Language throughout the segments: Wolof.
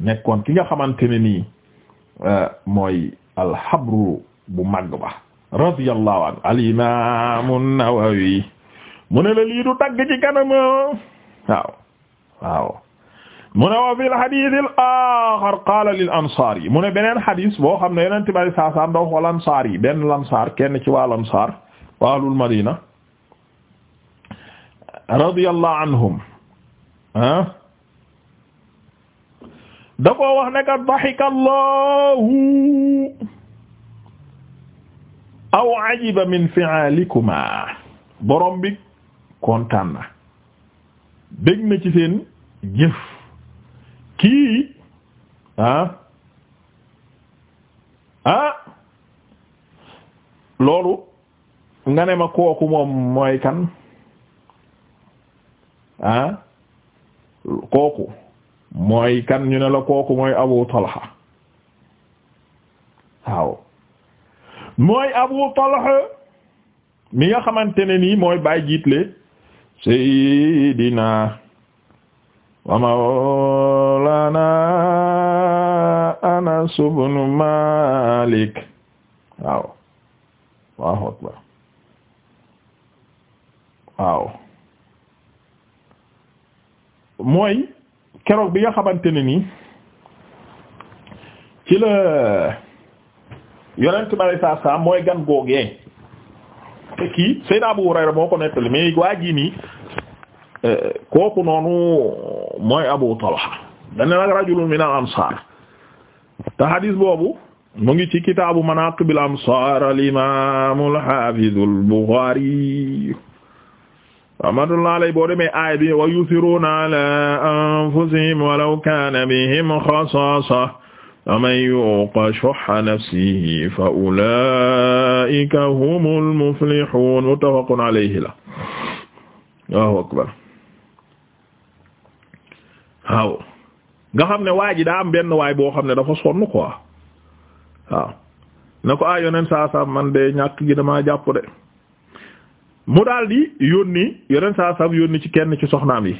nekkoon ki nga xamante ne nii euh, mooy alxabru bu màgg ba radiyallahu anhu al-imam an-Nawawi mu ne la lii du dagg ci kanam mu ne wa fi al-hadith al-akhar qala lil ansar yi mu ne beneen hadith boo xam ne yeneen bari saa saa ndaw wal ansar yi benn lansar kenn ci waa lansar waalul madina radiyallahu anhum ah da koo wax ne ka daxika allahu aw ajiba min fi'alikuma borom bi kontaan na dégg na ci seen jëf kii ah ah loolu nga ne ma kooku moom mooy kan ah kooku mooy kan ñu la kooku mooy Abu Talha mooy Abu mi nga xamante ne nii mooy baay jiitle Seydina wa mawlana Anas ibn Malik waaw waaw waaw mooy keroog bi nga xamante ne nii ci la yonent bari saa mooy gan googee te kii Seydina Abu Hurayra moo ko nettali mais waa jii nii euh, kooku noonu mooy Abu Talha dana nag rajulun min al-ansaar te hadis boobu mu ngi ci kitaabu bi ansaar al-imaam al-haafiz al-Buxaari rahmatullah alay boo demee aay bi wa yusiruna ala anfusihim walaw kana bihim xasasa wa man yuqa shuhha nafsihi fa ulaika humul muflihun muttafaqun alayhi la Allahu akbar waaw nga xam ne waa ji daa am benn waay boo xam ne dafa sonn quoi waaw na ko ay yoneen saa saa man de ñàkk gi damaa jàpp de mu daal di yónni yeneen saa sab yónni ci kenn ci soxnaam yi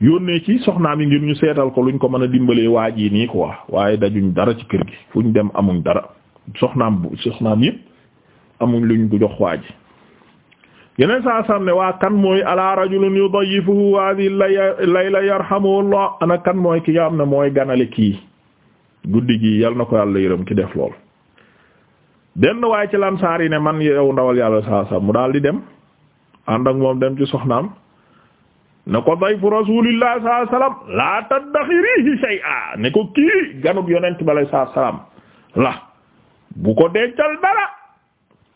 yónnee ci soxnaam yi ngir ñu seetal ko luñ ko mën a dimbalee waaj yi nii quoi waaye dajuñ dara ci kër gi fu ñu dem amuñ dara soxnaam bu soxnaam yëpp amuñ luñ ko jox waaj yeneen saa sab ne waa kan mooy ala rajulun yudayifuhu hadhihi layla yarhamuhullah ana kan mooy ki nga xam ne mooy ganale kii guddi gi yal na ko yàlla yërëm ki def lool benn waaye ci lansaar yi ne man yow ndawal yàlla saa mu daal di dem ànd ak moom dem ci soxnaam ne ko dayfu rasuulillah saa salaam laa taddaxirihi shay'a ne ko kii ganug yonent bale saa salaam bu ko dencal dara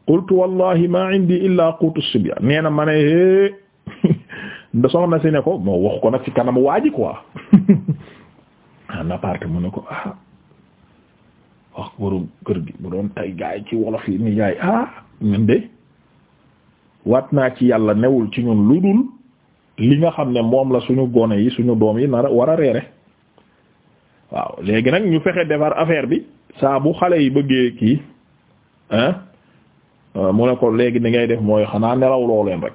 qultu wallahi ma indi illa qutu sibya nee na ma ne hee soxna si ne ko moo wax ko nag ci kanam waaji quoi ko ah wax borom kër gi bu doon tay gaay ci wolof yi ni yaay ah ñun de waat naa ci yàlla newul ci ñun lu dul li nga xam ne moom la suñu gone yi suñu doom yi nar war a reere waaw léegi nag ñu fexe defar affaire bi saa bu xale yi bëggee kii hein mu ne ko léegi ni ngay def mooy xanaa nelaw loo leen rek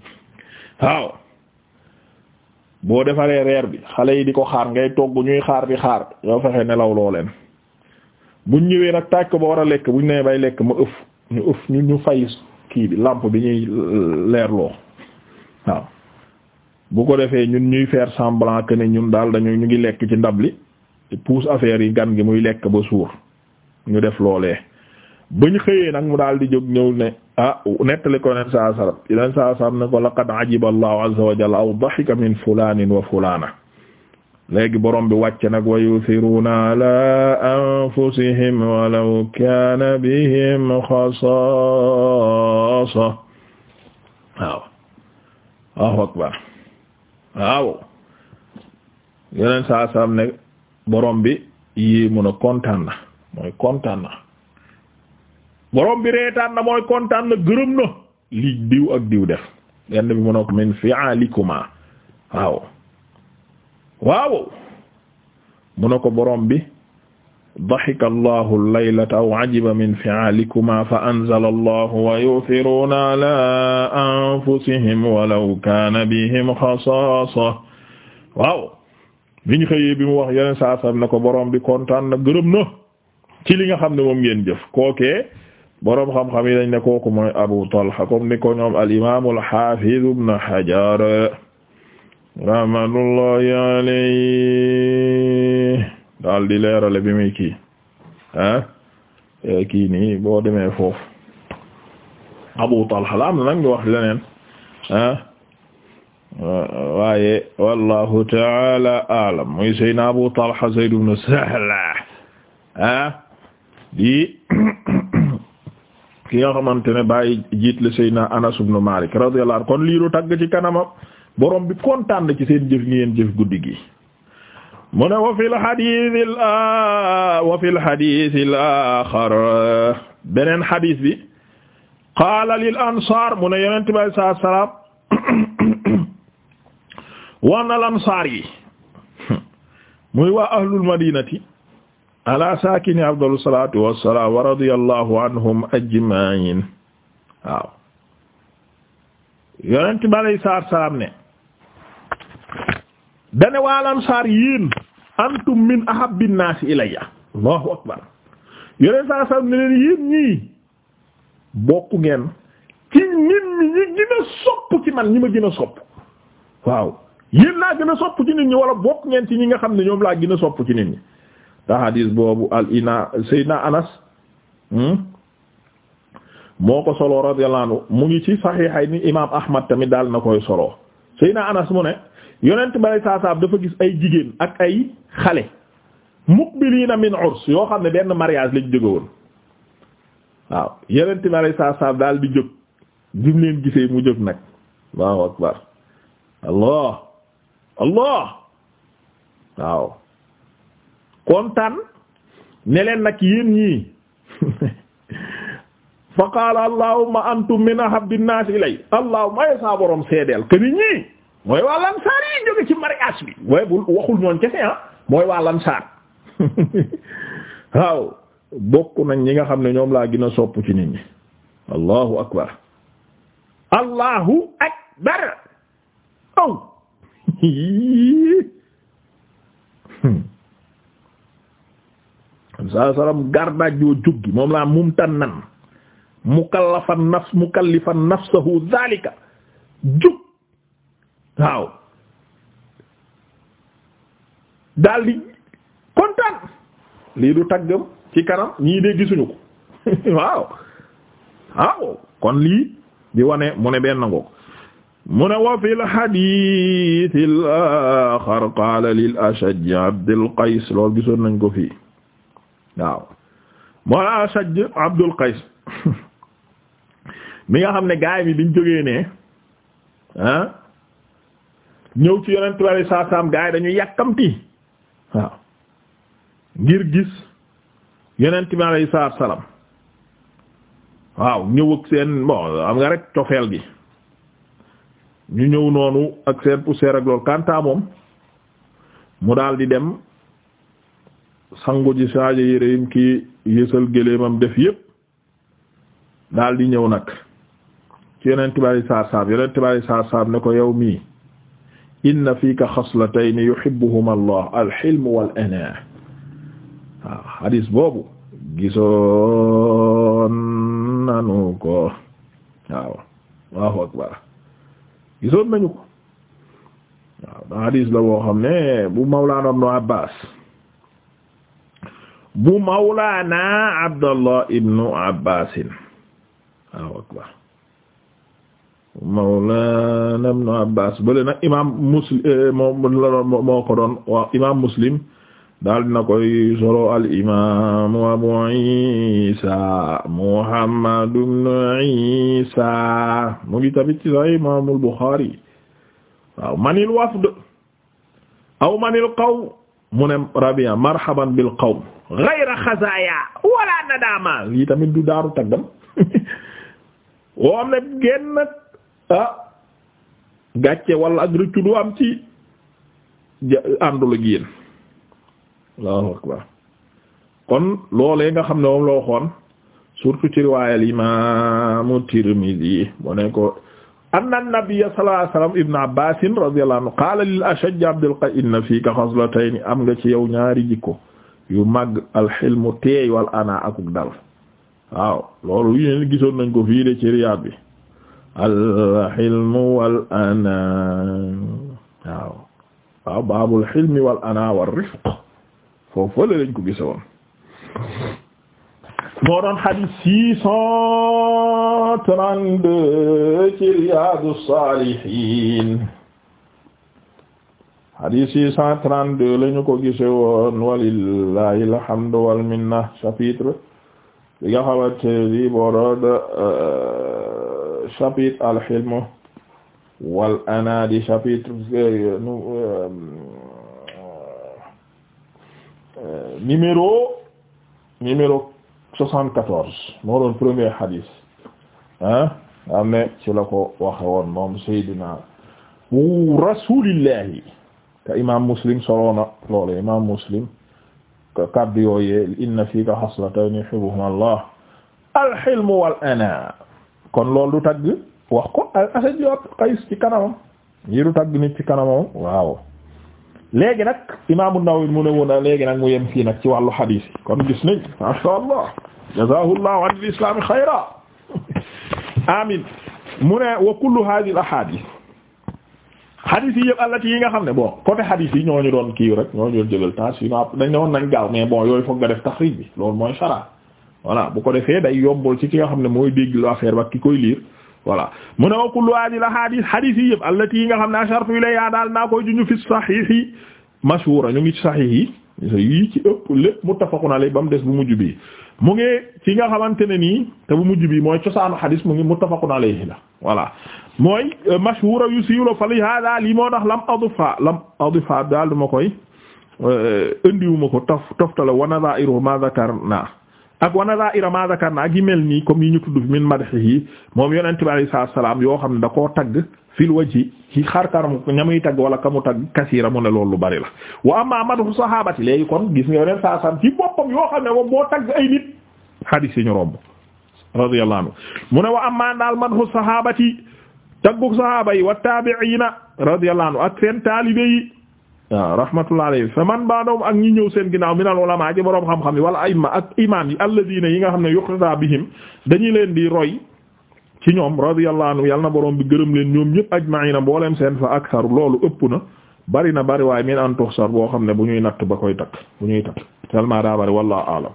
waaw boo defaree reer bi xale yi di ko xaar ngay togg ñuy xaar di xaar yoo fexe nelaw loo leen buñ ñëwee nag tàkk ba war a lekk bu ñu nee bay lekk ma ëf ñu ëf ñu ñu fay kii bi lampe bi ñuy leerloo waaw bu ko defee ñun ñuy faire semblant ne ñun daal dañu ñu ngi lekk ci ndab li pousse affaire yi gan gi muy lekk ba suur ñu def loolee ñu xëyee nag mu daal di jóg ñëw ne ah nettali ko nen saa sarab nen saa sarab ne ko laqad ajiba allahu azza wa jalla aw dahika min fulanin wa fulana léegi borom bi wàcc nag wa yuthiruna ala anfusihim walaw kana bihim xasaasa waaw waaw akbar waaw yeneen saa saam ne borom bi yii a kontaan na mooy borom bi reetaan mooy kontaan na na li diw ak diw def yenn bi mun a min fi'alikuma waaw waaw mu ne ko borom bi daxika allahu laylata aw ajiba min fi'alikuma fa anzala allahu wa yu'thiruuna ala anfusihim walaw kaana bihim xasaasa waaw biñ xëyee bi mu wax yeneen saasam na ko borom bi kontaan na gërëm na ci li nga xam ne moom ngeen jëf kookee boroom xam-xam yi dañ ne kooku mooy Abu Talha comme ni ko ñoom al imaam al xaafiz ibn Hajar rahmatullahi alayhi daal di leerale bi muy kii ah eh, kii ni boo demee foofu Abu Talha la am na nag ñu wax leneen ah? waaye wallahu taala alam muy Seydina Abu Talha Zayd ibn Sahl ah di ki nga xamante ne bàyyi jiit le Seydina Anas ibn Malik radiyallahu kon lii lu tagg ci kanamam borom bi kontaan na ci seen jëf ngeen jëf guddi gi mu ne wa fil xadiisi la wa fil xadiisi laaxar beneen xadiis bi qaala lil ansaar mu ne yonent bi saa salaam wan al ansaar yi muy waa ahlul madinati ala saakini afdalu salaatu wassalaam wa radiyallahu anhum ajmain waaw yonent bi saa salaam ne dane waa lansaar yéen antum min ahabbi naasi ilayya allahu akbar yeneen saa saa ne leen yéen ñii bokk ngeen ci nit ñi ñi gën sopp ci man ñi ma gën a sopp waaw yéen laa gën a sopp ci nit ñi wala bokk ngeen ci ñi nga xam ne ñoom laa gën a sopp ci nit ñi te hadis boobu al ina sayyidina anas hmm, moo ko solo radiyallahu anhu mu ngi ci saxiixay ni imaam ahmad tamit daal na koy solo sayyidina anas mu ne yonent bari saasaam dafa gis ay jigéen ak ay xale muqbiliina min urs yoo xam ne benn mariage lañ jóge woon waaw yonent bari saasaam daal di jóg jum leen gisee mu jóg nag allahu akbar allah allah waaw kontaan ne nag yéen ñii fa qaala allahumma antum min ahabbi an-naas ilay allahumma ay saa borom seedeel këni ñii mooy waa lamsaar yi jóge ci mariage bi waaye bu waxul ñoon kese ah mooy waa lamsaar waaw bokk nañ ñi nga xam ne ñoom laa gën a sopp ci nit ñi allahu akbar allahu akbar aw saa saram gardaaj yoo juggi moom laa mumtanan mukallafan nafs mukallifan nafsahu zalika jug waaw daal di kontaan lii du taggam ci kanam ñii de gisuñu ko waaw waaw kon lii di wane mu ne benn ngoog mu ne wa fi lhadith l axar qaala lil ashaj abdul qais loolu gisoon nañ ko fii waaw moo la abdul qais mi nga xam ne gaay mi biñ jógee ne ah ñëw ci yonent bi alayhi salaam gaa yi dañu yàkkamti waaw ngir gis yonent bi alayhi salaam waaw ñëw ak seen bon am nga rek cofeel gi ñu ñëw noonu ak seen poussière ak loolu kanta moom mu daal di dem sangu ji saaja yéreyim ki yësal géléemam def yépp daal di ñëw nag ci yonent bi alayhi salaam yonent bi alayhi salaam ne ko yow mii inna fiika xaslatayni yuhibbuhuma allah alxilm wal ana waaw hadis boobu gisoon nanu ko waaw Allahu akbar gisoon nañu ko waaw da hadis la boo xam ne bu mawlaana ibnu Abbaas bu mawlaana Abdallah ibnu Abbaasin Allahu akbar mawlana ibn abbas bële nag imam muslim eh, moom moo ko doon waaw imam muslim daal dina koy solo al imam abu isa muhammad ibn isa mu ngi tamit ci sahih imam al bukhari waaw manil wafd aw manil qawm mu ne rabia marhaban bil qawm ghayra khazaya wala nadama lii tamit du daaru taggam woo am ne genn ah gàcce wala ak du am ci àndul ak yéen allahu akbar kon loolee nga xam ne moom la waxoon surtout ci riwaayal imaamu Tirmidhi mu ne ko anna nabiyya sallallahu alayhi ibnu Abbaas radiyallahu anhu qaala lil Ashajj Abdul Qais inna fiika xaslatayni am nga ci yow ñaari jikko yu mag alxilmu teey wal ana akuk dal waaw loolu yéen gisoon nañ ko fii de ci Riyaad bi alxilmu wal anaa waaw waaw baabul xilmi wal anaa war rifq foofu la lañ ko gise woon moo doon xadiis six cent trente-deux ci Riyaadu Saalihiin xadiis six cent trente-deux lañu ko gise woon walillaahi alhamdu wal minna chapitre bi nga xamante ni boo doon euh, chapitre al-hilm wal anadi chapitre euh, euh, numéro numéro 74 moo doon premier hadith ah am na ci la ko waxe woon moom imam Muslim soloona imam Muslim kaddu yooyee inna fiika xaslatayni yuhibbuhuma Allah al-hilm wal ana kon loolu du tagg wax ko Asad ibn Qays ci kanamam yi du tagg nit ci kanamam waaw léegi nag Imaam An-Nawawi mu ne woon léegi nag mu yem fii nag ci wàllu xadiis yi kon gis nañ ma sha Allah jazaahullahu an al-islaam xayra amin mu ne wa kullu hadhihi al-ahadith xadiis yi yëpp allati yi nga xam ne bon côté xadiis yi ñooñu doon kii rek ñooñu doon jëlal temps sinon dañ ne woon nañ gaaw mais bon yooyu foog nga def taxriij bi loolu mooy sara voilà bu ko defee day yombol ci ki nga xam ne mooy dégg lu affaire ba koy liir voilà mu ne wa kullu hadhihi la hadith yi yëpp allati yi nga xam ne ashartu ilayha daal naa koy juñu fi sahih yi mashhura ñu ngi ci sahih yi yi ci ëpp lépp muttafaqun alayhi ba mu des bu mujj bi mu ngi ci nga xamante ne nii te bu mujj bi mooy cosaanu xadis mu ngi muttafaqun alayhi la voilà mooy euh, mashhura yu siiwlo fali hada lii moo tax lam adufa lam adufa daal du euh, ma koy indiwuma ko taf toftala wa nadha'iru ma dhakarna ak wana laa ira ma zakarna ak yi mel nii ñu tudd min madhihi moom yonent bi alayhi salaam yoo xam ne da koo tagg fil wajhi ci xar karam ña muy tagg wala ka mu tagg kasiira mu ne loolu lu bari la. wa amma madhu sahabati léegi kon gis nga yonent saa sam ci boppam yoo xam ne moom moo tagg ay nit hadis yi ñu romb radiyallahu anhu mu ne wa amma daal madhu sahabati taggu sahaba wa tabi'ina radiyallahu anhu ak seen taalibe waaw rahmatullah alayhi fa man baadom ak ñi ñëw seen ginnaaw minal ulama ji boroom xam-xam yi wala ayma ak imaam yi alladina yi nga xam ne yuqtada bihim dañu leen di roy ci ñoom radiyallahu anhu yàlla na boroom bi gërëm leen ñoom ñëpp ajmaina mbooleem seen fa aksaru loolu ëpp na bari na bari waaye min an tuhsar boo xam ne bu ñuy natt ba koy takk bu ñuy takk tellement daa bari wallahu aalam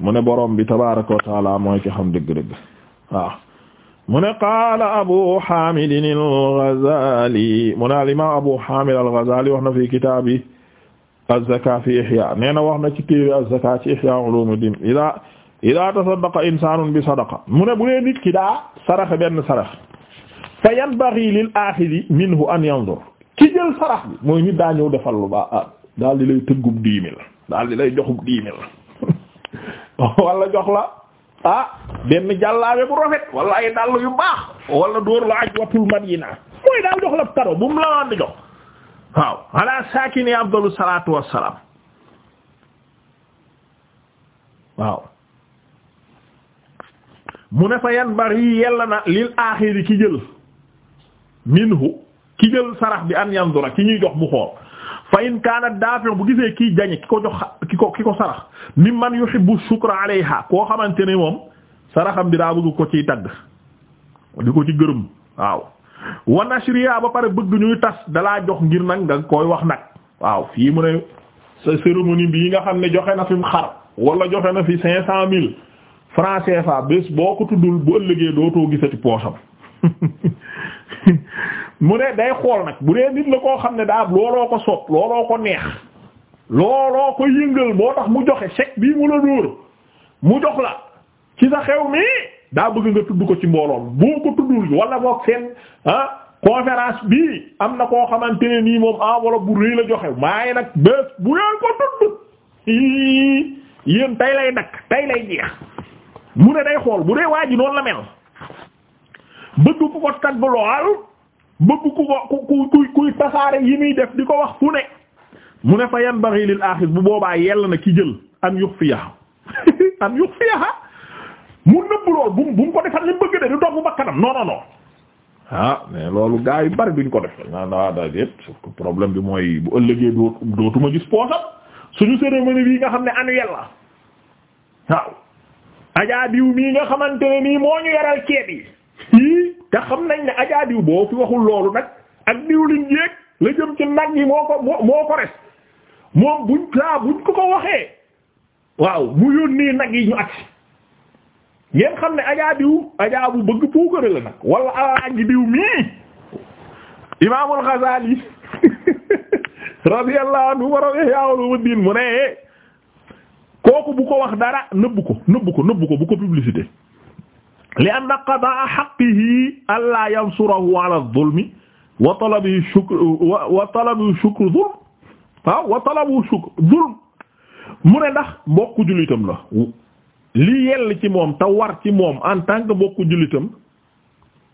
mu ne borom bi tabaaraka wa mooy ci xam dëgg-dëgg waaw mu ne qaala abu hamid al-Ghazali mu ne al-imam abu hamid al-Ghazali wax na fi kitaabi az-zaka fi ihya nee na wax na ci téere az-zaka ci ihya ulumuddin ida ida tasaddaqa insanun bi sadaqa mu ne bu dee nit ki daa saraxe benn sarax fa yanbaghi lil akhidhi minhu an yanzur ki jël sarax bi mooy nit daa ñëw defal lu baax ah daal di lay tëggub dix mille daal di lay joxub dix mille wala jox la ah benn jàllaabe bu rafet wala ay dàll yu baax wala dóor la aj watul madina mooy daal jox la kado bu mu la waan di jox waaw ala saakini afdalu salaatu wassalaam waaw mu ne fa yan bar yi yella na lil aaxiri ki jël minhu ki jël sarax bi an yandura ki ñuy jox mu xool fa in kaana dafi'u bu gisee kii jañe ki ko jox ki ko ki ko sarax mimman yuhibbu shukra alayha koo xamante ne moom saraxam bi daa bëgg ko ci tagg di ko ci gërëm waaw wanashria ba pare bëgg ñuy tas dalaa jox ngir nag nga koy wax nag waaw fii mu ne sa cérémonie bi nga xam ne joxe na fi mu xar wala joxe na fi cinq cent mille francs CFA bés boo ko tuddul bu ëllëgee dootoo gisati poosam mu ne day xool nag bu dee nit la koo xam ne daa looloo ko sopp looloo ko neex looloo ko yëngal moo tax mu joxe chèque bii mu la dóor mu jox la ci sa xew mi daa bëgg nga tudd ko ci mbooloom boo ko tuddul wala boog seen ah conférence bi am na koo xamante ne nii moom enveloppe bu rëy la joxe maaye nag bés bu yeen ko tudd yéen tey lay dakk tey lay jeex mu ne day xool bu dee waa ji noonu la mel bëgg ku ko tag bu lool bëgg ko ku ku kuy tasaare yi muy def di ko wax fu ne mu ne fa yan bari lil axis bu boobaa yell nag ki jël am yux fi am yux fi mu nëbb lool bu mu ko defal li bëgg de du dox bu bakkanam non non non ah, mais loolu gaa yi bari duñ ko def naa naa ah, daa yépp surtout problème bi mooy bu ëllëgee doot dootuma gis poosam suñu cérémonie bii nga xam ne annuelle la waaw ajaa diw mii nga xamante ne nii moo ñu yaral ceeb yi te xam nañ ne ajaa diw boo fi waxul loolu nag ak diwlin jéeg la jëm ci nag yi moo ko moo ko res moom buñ saa buñ ko ko waxee waaw mu yónnee nag yi ñu agsi ngeen xam ne ajaa diw ajaa bu bëgg puukare la nag wala alaaji diw mii imaamul Ghazali radiyallahu anhu waraw Ihya Ulumuddin mu ne kooku bu ko wax dara nëbbu ko nëbbu ko nëbbu ko bu ko publicité li anna qadaa haqqihi allaa yansurahu ala adh-dhulmi wa talabi shukr wa talabi shukr dhulm wa talabu shukr dhulm mu ne ndax mbokku jullitam la li yell ci moom te war ci moom en tant que mbokku jullitam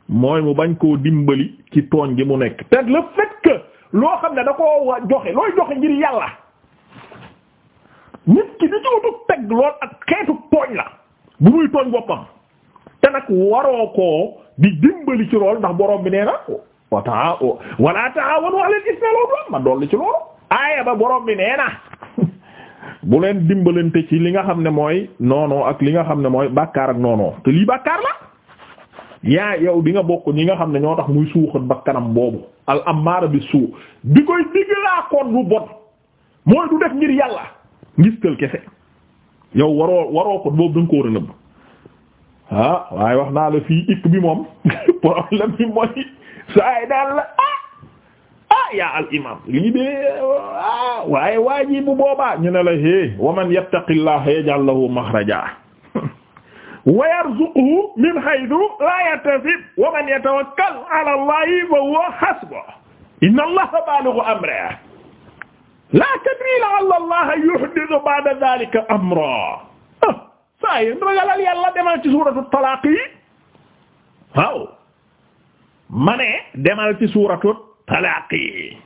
mooy mu bañ koo dimbali ci tooñ gi mu nekk te le fait loo xam ne da koo joxe looy joxe ngir yàlla nit ki di ci wutu teg lool ak xeetu tooñ la bu muy tooñ boppam te nag waroo koo di dimbali ci lool ndax boroom bi nee na wa taa wala taawanu alal ismi wal udwan ma dolli ci loolu aaya ba borom bi nee na bu leen dimbalante ci li nga xam ne mooy noonoo ak li nga xam ne mooy bàkkaar ak noonoo te lii bàkkaar la yaa yow di nga bokk ñi nga xam ne ñoo tax muy suuxat bakkanam boobu al amaara bi suu bi koy diglaa koon bu bon mooy du def ngir yàlla ngistal kese yow waroo waroo ko boobu da nga ko war a ah, waaye wax naa la fii ikk bi moom problème bi mooy saa yi daal la ah, yaa al imam lii de ah, waaye waaji bu boobaa ñu ne la hé wa man yattaqillah yaj'al lahu makhraja wa yarzuqhu min haythu la yahtasib wa man yatawakkal ala allahi fa huwa hasbuh inna allaha balighu amrihi la tadri la'alla allaha yuhdithu ba'da dhalika amra ah, saa yi ragalal yàlla demal ci suuratu talaaq yi waaw ma ne demal ci suuratu talaaqi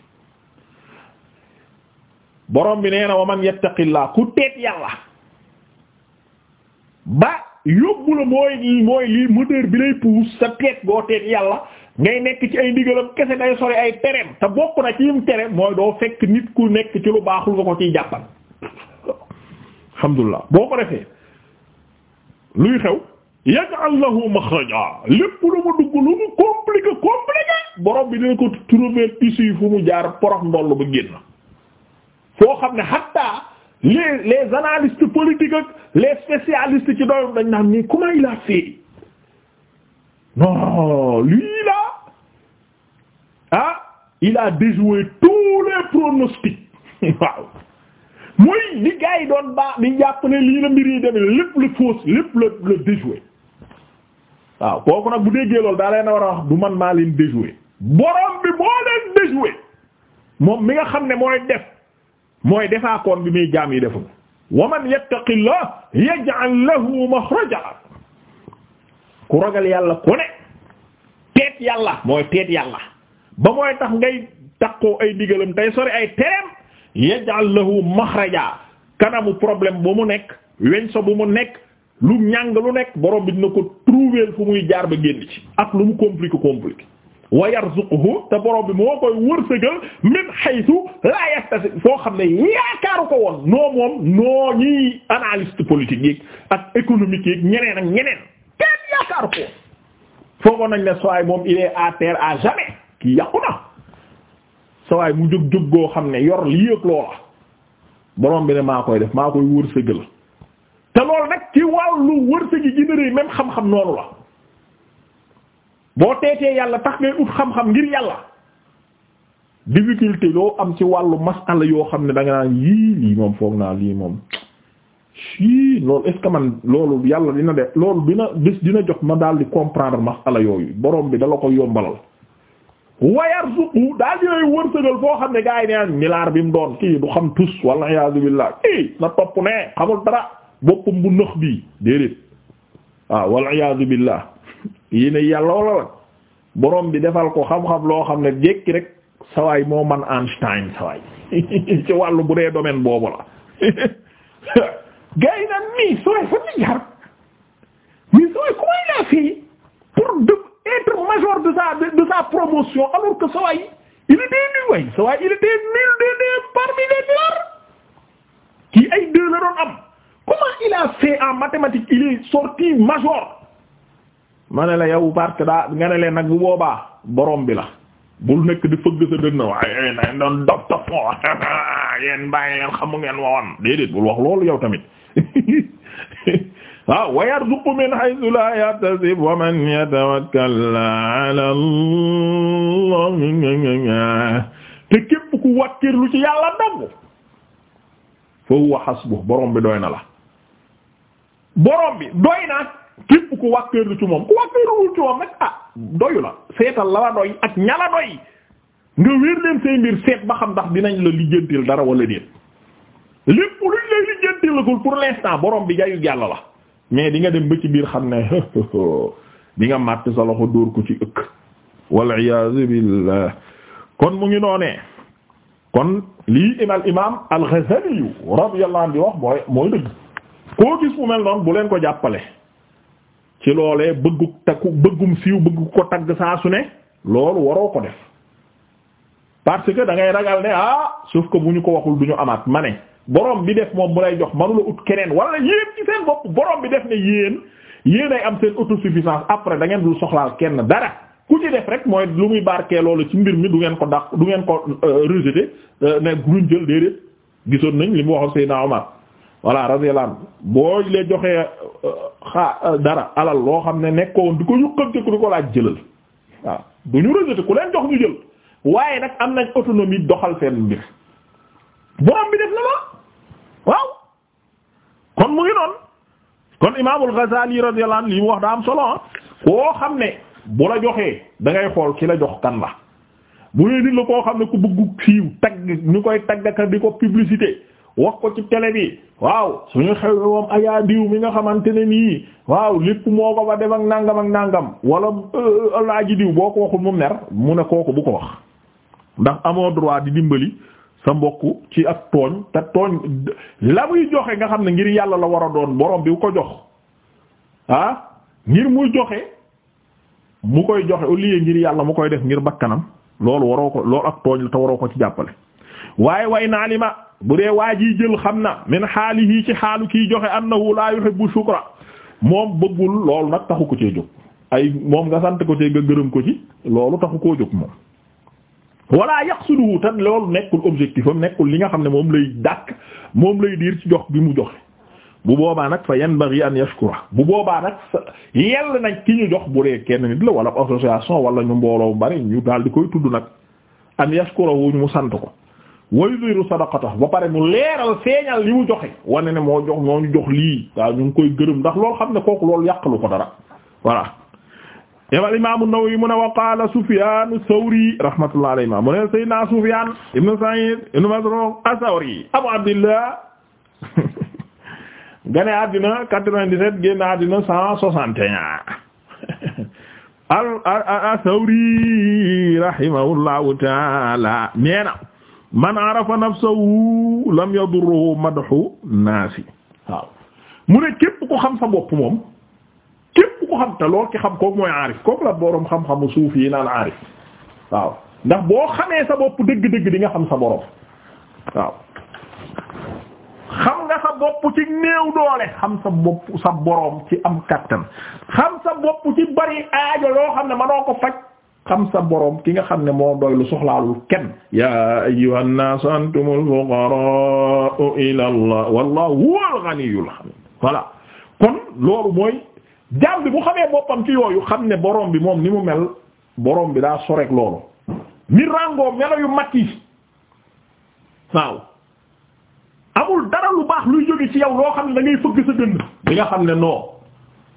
borom bi nee na wa man yattaqillaa ku teet yàlla ba yóbbu la mooy lii moteur bi lay pousse sa teet boo teet yàlla ngay nekk ci ay ndigalam kese day sori ay tereem te bokk na ci yim tere mooy doo fekk nit ku nekk ci lu baaxul nga ko ciy jàppal alhamdulillah boo ko defee luy xew yaj'al lahu makhraja lépp lu mu dugg lu mu compliqué compliqué borom bi dina ko trouver issue fu mu jaar porox ndoll ba génn foo xam ne hatta les les analystes politiques ak les spécialistes ci doyum dañ naan mais comment il a fait non lui là ah il a déjoué tous les waaw mooy li yi doon baax di jàpp ne lii la mbir yi demee lépp la fausse lépp la la waaw kooku nag bu déggee loolu daa leen a war a wax bu man maa leen déjoué borom bi moo leen déjoué moom mi nga xam ne mooy def mooy defaakoon bi muy jaam yi deful wa man yattaqillah yaj'al lahu makhraja ku ragal yàlla ku teet yàlla mooy teet yàlla ba mooy tax ngay takkoo ay digalam tey sori ay tereem yaj'al lahu makhraja kanamu problème bu mu nekk weñ so bu mu nekk lu ñàng lu nekk boroom bi dina ko trouver fu muy jaar ba génn ci ak lu mu compliqué compliqué wa yarzuquhu te borom bi moo koy wërsëgal min haythu la yastasib foo xam ne yaakaaru ko woon noo moom noo ñuy analyste politique yeeg ak économique yeeg ñeneen ak ñeneen kenn yaakaaru ko woon foogoon nañ ne sawaay moom il est à terre à jamais kii yàqu na sawaay mu jug jóg goo xam ne yor li yëg loola borom bi ne maa koy def maa koy wërsëgal te lool nag ci wàllu wërsëg yi gën xam-xam noonu la boo teetee yàlla tax ngay ut xam-xam ngir yàlla difficulté loo am ci wàllu masala yoo xam ne da nga yii lii moom foog naa lii moom sii loolu est-ce que man loolu yàlla dina def loolu dina bés dina jox ma daal di comprendre masala yooyu borom bi dala ko yombalal wayar suqu daal dinay wërsëgal foo xam ne gaa yi neen milliard bi mu doon kii du xam tus wala iyaazu billah kii na topp ne boppam bu nëx bii déedéet waaw ah, wal iyaadu billah yi ne yàlla wala la borom bi defal ko xam-xam loo xam ne jekki rek sawaay moo man Einstein sawaay ci wàllu bu dee domaine boobu la gars yi naan mii sawaay fan la mii sawaay comment il a pour de être major de sa de sa promotion alors que sawaay il était nul waay sawaay il était nul de de parmi les kii ay deux la doon am il a fait en sorti major ma la yow parce que daa nga ne nag bu boobaa borom bi la bul nekk di fëgg sa dënn waaye nañ doon dof dof yéen bàyyi leen xamu ngeen woon déedéet bul wax loolu yow tamit waaw wa yarzuqu min haythu la wa man yatawakkal ala Allah te képp ku wàkkirlu ci yàlla huwa hasbuh borom bi la borom bi doy na képp ku wàkkeerlu ci moom ku wàkkeerluwul ci moom nag ah doyu la seetal la la doy ak ña doy nga wér leen say mbir seet ba xam ndax dinañ la lijjantil dara wala déet lépp luñ lay lijjantilagul pour l'instant borom bi jayu yàlla la mais di nga dem ba ci biir xam ne di nga màtt sa loxo dóor ko ci ëkk wal iyaazu billah kon mu ngi noonee kon lii imal imaam al-Ghazali radiyallahu wax mooy mooy dëgg koo gis mu mel noonu bu leen ko jàppale ci loolee bëggu takku bëggum siiw bëggu ko tagg saa su ne loolu waroo ko def parce que da ngay ragal ne ah sauf ko bu ñu ko waxul du ñu amaat ma ne borom bi def moom mu lay jox manula ut keneen wala yéen ci seen bopp borom bi def ne yéen yéen ay am seen autosuffisance après da ngeen dul soxlaal kenn dara ku ci def rek mooy lu muy barkee loolu ci mbir mi du ngeen ko dàq du ngeen ko euh, rejeter euh, ne guruñ jël déedéet gisoon li mu waxoon Seydina Omar voilà radiyallahu anhu boo leen joxee euh, xaa euh, dara alal loo xam ne nekkoon di ko yuqante ku di ko laaj jëlal waaw du ñu rejeté ku leen jox ñu jël waaye nag am nañ autonomie doxal seen mbir borom bi def na ma waaw kon mu ngi noonu kon imaamul Ghazali radiyallahu anhu li mu wax daa am solo ah. koo xam ne bu la joxee da xool ki la jox kan la bu dee nit la koo xam ne ku bëggu siiw tagg ñu koy tagg ka di ko publicité wax ko ci télé bi waaw suñu xew moom ayaa diw mi nga xamante ne nii waaw lépp moo ko fa def ak nangam ak nangam wala euh, laaji diw boo ko waxul mu mer mu ne kooku bu ko wax ndax amoo droit di dimbali sa mbokk ci ak tooñ te tooñ la muy joxe nga xam ne ngir yàlla la war a doon borom bi ko jox ah ngir muy joxe mu koy joxe au lieu ngir yàlla mu koy def ngir bakkanam loolu waroo ko loolu ak tooñ la te waroo ko ci jàppale waaye way naa ma bu dee waa ji jël xam na min xaalihi ci xaalu kiy joxe na annahu la yuhibbu shukra moom bëggul loolu nag taxu ko cee jóg ay moom nga sant ko cee nga gërëm ko ci loolu taxu koo jóg moom wala yaqsuduhu tan loolu nekkul objectif am nekkul li nga xam ne moom lay dàkk moom lay diir ci jox bi mu joxe bu boobaa nag fa yanbaghi an yashkura bu boobaa nag yell nag ki ñu jox bu dee kenn nit la wala association wala ñu mbooloo bari ñu daal di koy tudd nag an yashkura wu sant ko waydiru sadaqata ba pare mu leeral feeñal li mu joxe wa ne moo jox moo ñu jox lii waaw ñu koy gërëm ndax loolu xam ne kooku loolu yàqalu ko dara voilà yawal imaamu Nawawi mu ne wa qaala Sufyaan Sawri rahmatullahi alayhi ma mu ne Seydina Sufyaan ibn Sa'iid ibn Masruuq as-Sawri Abu Abdillah gane àddina 97 génn àddina 161 al as-Sawri rahimahullahu ta'ala neena man arafa nafsahu lam yadurruhu madhu naasi waaw mu ne képp ko xam sa bopp moom képp ko xam te lool ki xam kooku mooy aarif kooku la boroom xam-xamu suufi yi naan aarif waaw ndax boo xamee sa bopp dégg dégg di nga xam sa borom waaw xam nga sa bopp ci néew doole xam sa bopp sa boroom ci am kattan xam sa bopp ci bari aajo loo xam ne manoo ko faj xam sa borom ki nga xam ne moo doy lu soxlaalul kenn ya ayyuhan nas antumul fuqara'u ila allah wallahu huwal ghaniyyul hamid voilà kon loolu mooy jaam bi bu xamee boppam ci yooyu xam ne boroom bi moom ni mu mel borom bi daa sorek loolu mi melo yu mat yi amul dara lu baax luy jóge ci yow loo xam ne da ngay nga xam ne non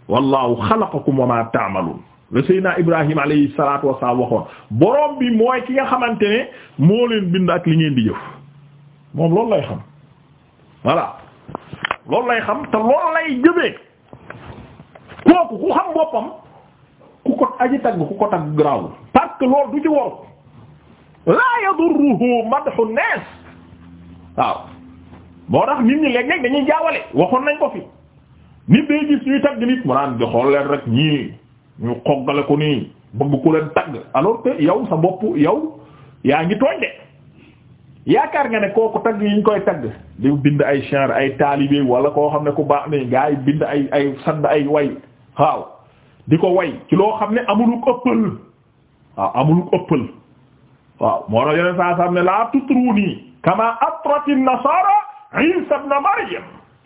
wallahu xalaqakum wa ma ta'malun le Seydina Ibrahim alayhi salaatu wasalaam waxoon borom bi mooy ki nga xamante ne moo leen bind ak li ngeen di jëf moom loolu lay xam voilà loolu lay xam te loolu lay jëfee kooku ku xam boppam ku ko aji tagg ku ko tagg garaawul parce que du ci wor laa yadurruhu madhu an-nas waaw moo tax nit ñi léeg-léeg dañuy jaawale waxoon nañ ko fi nit day gis ñuy tagg nit mu naan di xool leen rek ñii. ñu xoggale ko nii bëgg ku leen tagg alors que yow sa bopp yow yaa ngi tooñ de yaakaar nga ne kooku tagg yi ñu koy tagg di bind ay chanre ay taalibe wala koo xam ne ku baax ne gaa yi bind ay ay sand ay way waaw di ko way ci xam ne amuluk ëppal waaw amuluk ëppal waaw moo tax yeneen saa saa ne laa tutruni kama atrati nasara isa ibn maryam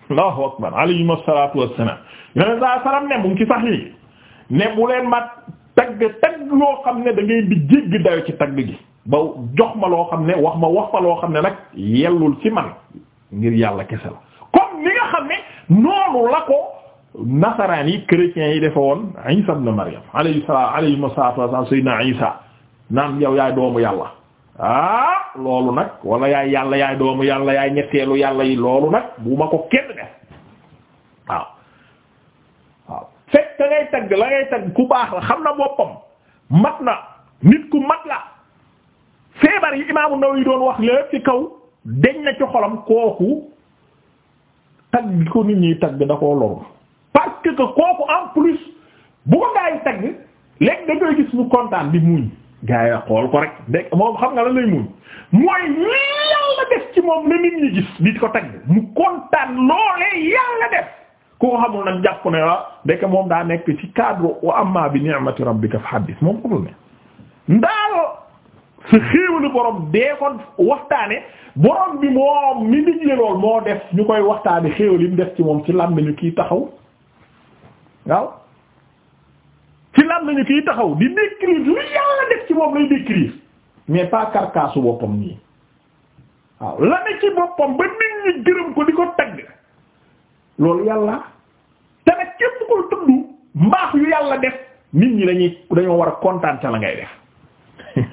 allahu akbar alayhi assalatu wassalam yeneen saa saa ne mu ngi ci ne bu leen ma tagg tagg loo xam ne da ngay di dayo ci tagg gi ba jox ma loo xam ne wax ma wax ma loo xam ne nag yellul ci man ngir yàlla kese la comme ni nga xam ne noonu la ko nasaraan yi chrétiens yi defe woon Isa ibn Maryam alayhi naan yow yaay yàlla ah loolu nag wala yaay yàlla yaay doomu yàlla yaay ñetteelu yàlla yi loolu nag bu ma ko kenn def ngay tagg la ngay tagg ku baax la xam na boppam mat na nit ku mat la feebar yi imaamu Nawawi doon wax lépp ci kaw deñ na ci xolam kooku tagg ko nit ñi tag da koo loru parce que kooku en plus bu ko gaa yi tagg léegi da ngay gis mu kontaan bi muñ gaa yi xool ko rek de moom xam nga la lay muñ mooy yàlla def ci moom na nit ñi gis nit ko tagg mu kontaan loolee yàlla def koo xamul nag jàpp ne ah ndeke moom daa nekk ci cadre wa amma bi ni'mati rabbika fa hadith moom xamul ne ndaal sa xéewalu borom dee kon waxtaane borom bi moom mi def ñu koy waxtaane xéewal yi mu def ci moom ci làmmiñu kii taxaw waaw ci làmmiñu kii taxaw di décrire lu yàlla def ci moom lay décrire mais pas karkaasu boppam nii waaw la ne ci boppam ba nit ñi gërëm ko di ko tagg loolu yàlla koy tudd mbaax yu yàlla def nit ñi dañuy dañoo war a kontaan ca la ngay def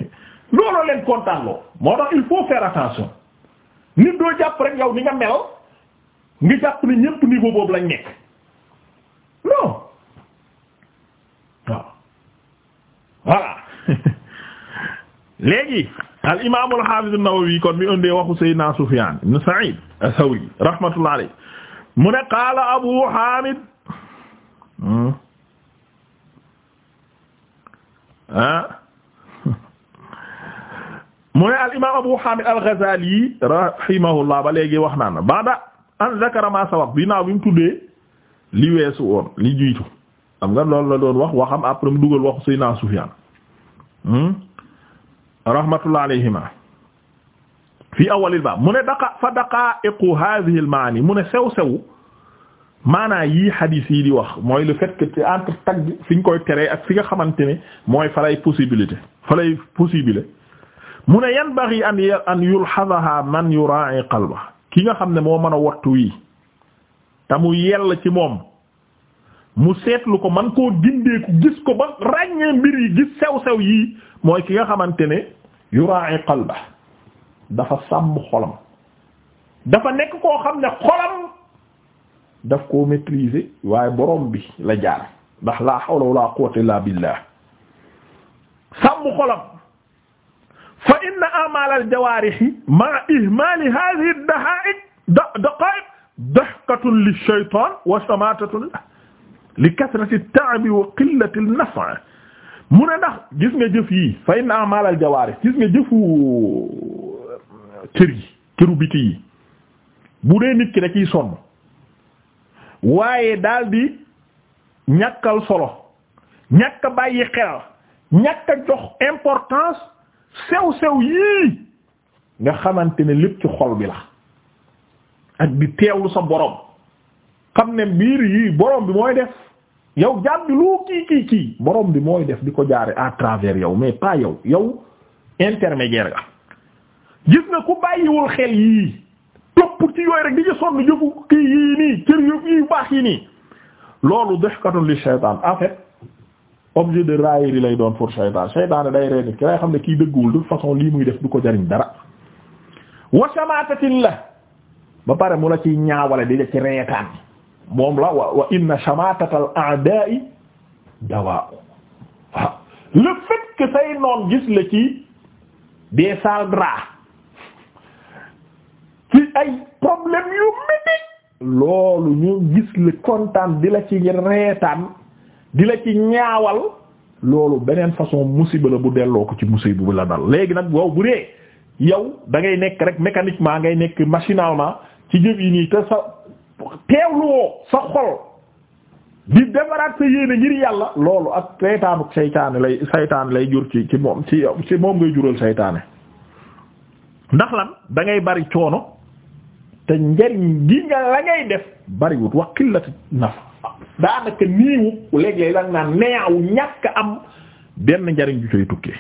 looloo leen kontaan loo moo tax il faut faire attention nit doo jàpp rek yow ni nga mel nga jàpp ne ñépp niveau boobu lañ nekk non waaw voilà léegi al imaam al nawawi kon mi ëndee waxu Seydina Sufyaan ibn Sa'iid as-Sawri rahmatullahi mu ne qaala Abu Haamid Hmm? ah mu ne al imaam Abu Hamid al-Ghazali rahimahullah ba léegi wax naan ba'da an zakara ma sabaq bi naaw li weesu woon li jiitu am nga loolu la wax waxam après mu dugal wax Seydina Sufyaan hmm? rahmatullah alayhima fi awwalil baab mu ne daqa fa daqaa'iqu haadhihi al-ma'aani mu sew sew maanaa yii hadis yi di wax mooy le fait que entre tagg fi ñu koy teree ak fi nga xamante ne mooy falay possibilité falay possible mu ne yan bari an an yulhadaha man yura'i qalba ki nga xam ne moo man a wattu wii te mu yell ci moom mu seetlu ko man koo dindeeku gis ko ba ràññee mbir yi gis sew-sew yii mooy ki nga xamante ne yura'i qalba dafa sàmm xolam dafa nekk koo xam ne xolam daf koo maîtriser waaye borom bi la jaar ndax laa hawla wala quwwata illa billah sàmm xolam fa inna a'mal al jawarih ma'a ihmal hadhihi ad daqa'iq daqa'iq dahkatun li shaytan wa shamatatun li kasrati at ta'b wa qillati al naf' mu ne ndax gis nga jëf yi fa inna a'mal al jawarih gis nga jëfu kër yi këru biti yi bu dee nit ki da ciy sonn waaye daal di ñàkkal solo ñàkk bàyyi xel ñàkk a jox importance sew sew yii nga xamante ne lépp ci xol bi la ak di teewlu sa borom xam ne mbir yii borom bi mooy def yow jaam bi lu kii kii kii borom bi mooy def di ko jaare à travers yow mais pas yow yow intermédiaire nga gis nga ku bàyyiwul xel yii topp ci yooyu rek di ci sonn jëfu kii yii nii cër yu baax yi nii loolu dihkatun li shaytaan en objet de raillerie lay doon pour shaytaan shaytaan day ree ki day xam ne kii dëgguwul de façon lii muy def du ko jariñ dara wa shamatatin la ba pare mu la ci ñaawale di la ci reetaan moom la wa wa inna shamatatal a'da'i dawa waaw le say noon gis la ci des sales draps ay problème yu métti loolu ñu gis la kontaan di la ci reetaan di la ci ñaawal loolu beneen façon musiba la bu delloo ko ci musiba bu la dal léegi nag wow bu dee yow da ngay nekk rek mécaniquement ngay nekk machinalement ci jëf yi nii te sa teewluwoo sa xol di defaraat sa yéene ngir yàlla loolu ak seytaanu seytaane lay seytaane lay jur ci ci moom ci ci moom ngay jural seytaane ndax lan da bari coono te njariñ gi nga la ngay def bariwut wa qillati nafa daanaka niiwu léeg-léeg la naan ñàkk am benn njariñ ju coy tukkee